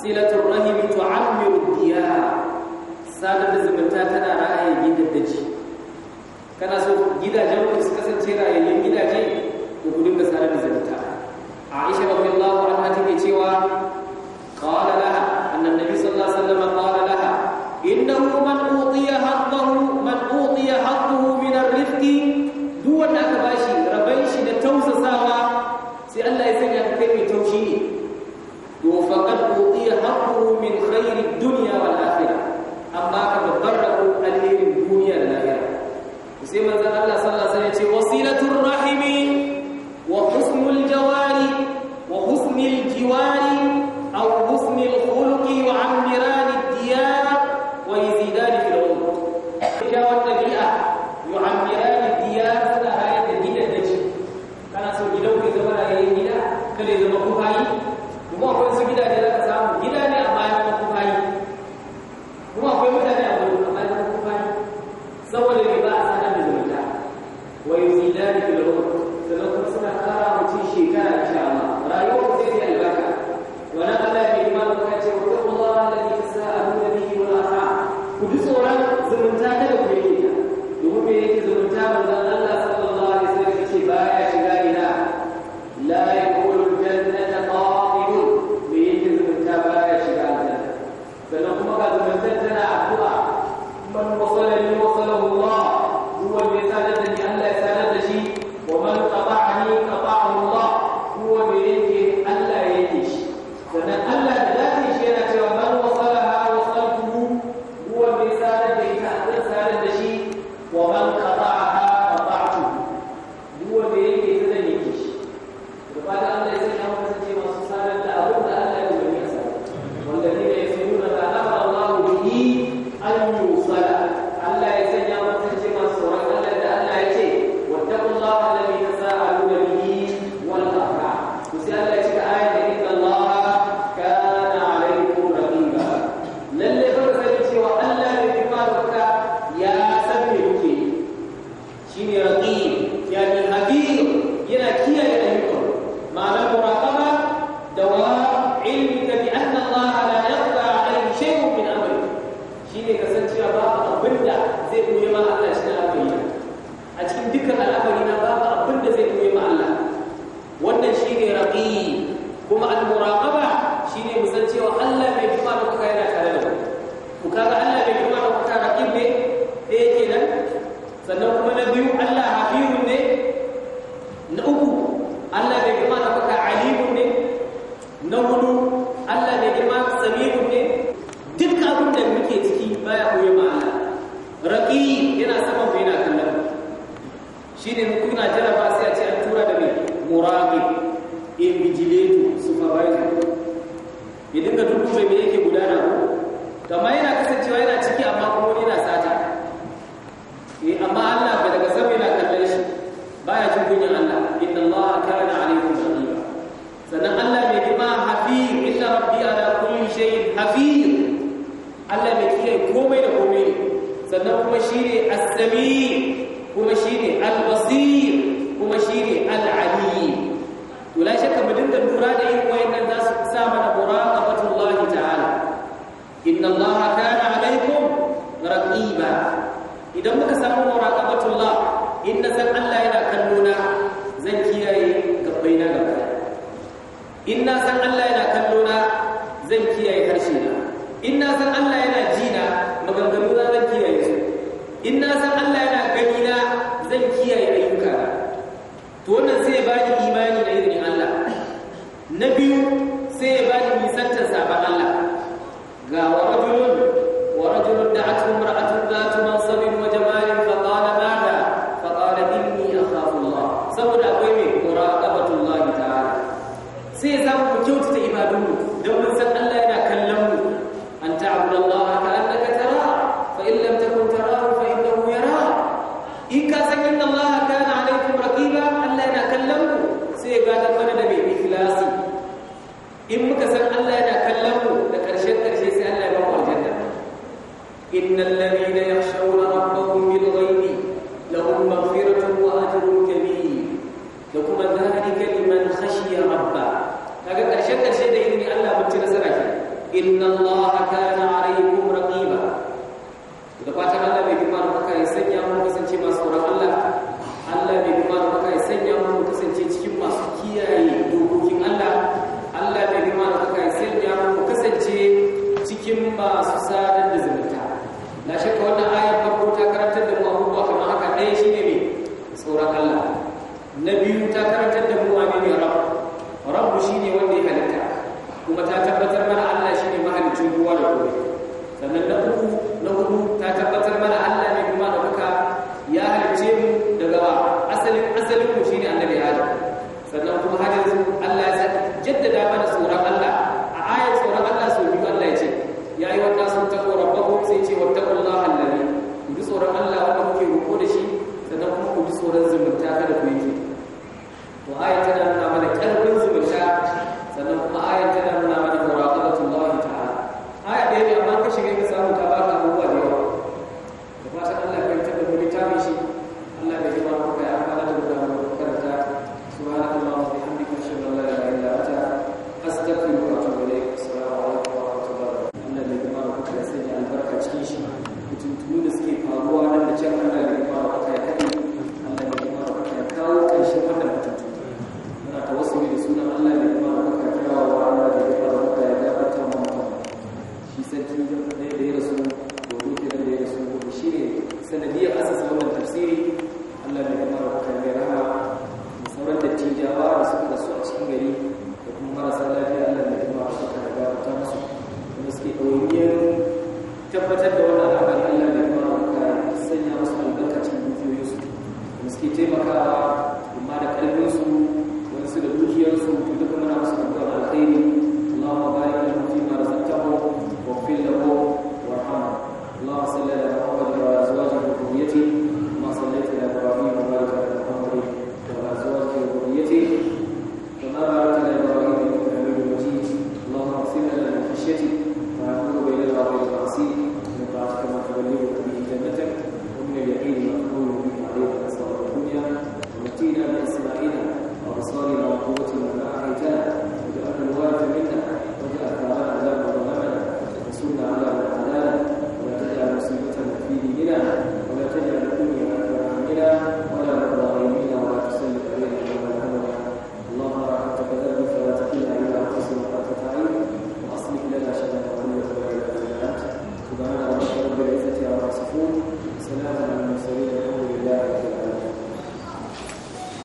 silatul rahimi tu'ammiru diyar sadar da zumunta tana ra'ayin gidaddaji kana so gidajen ku su kasance ra'ayin gidaje ku dinga sadar da zumunta Aisha radiyallahu anha take cewa tabarru min khairi dunya wal akhirah amma ka tabarru al khairi dunya wal akhirah sai manzo Allah sallallahu alaihi wasallam ya ce wa No one who shay'in hafiz Allah mai kiyaye komai da komai sannan kuma shine as-sami kuma shine al-basir kuma shine al-alim to la shakka mu dinga lura da irin wayannan za su sa mana muraqabatullahi ta'ala inna Allah kana alaikum raqiba idan muka samu muraqabatullah inna san Allah yana kallona zan kiyaye gabbai na gaba inna san Allah yana zan kiyaye harshe na in na san Allah yana ji na maganganu na zan kiyaye su in na san Allah yana gani na zan kiyaye ayyuka na to wannan sai ya bani imani da irin Allah na biyu sai ya bani nisantar sabon Allah ga wa rajulun wa rajulun da'atun sai za mu kyautata ibadunmu don mun san Allah yana kallon mu an ta'budu Allah ka annaka tara fa in lam takun tarahu fa innahu yara in ka san inna Allah kana alaykum raqiba Allah yana kallon mu sai ga ta mana da mai ikhlasi in muka san Allah yana kallon mu da karshen karshe sai Allah ya ba mu aljanna innal ladhi karshe karshe da izini Allah mutu nasara ke inna Allah kana sannan na uku na hudu ta tabbatar mana Allah ne kuma ɗaukaka ya halice mu daga ba asalin asalin mu shine annabi Adam sannan kuma har Allah ya jaddada mana tsoron Allah a ayar tsoron Allah sau biyu Allah ya ce ya yi wanda sun tako rabbakum sai ce wattaqullaha allazi ku bi tsoron Allah wanda kuke roƙo da shi sannan kuma ku bi tsoron zumunta kada ku yi to ayar tana nuna mana ƙarfin zumunta sannan kuma ayar tana nuna suke taimaka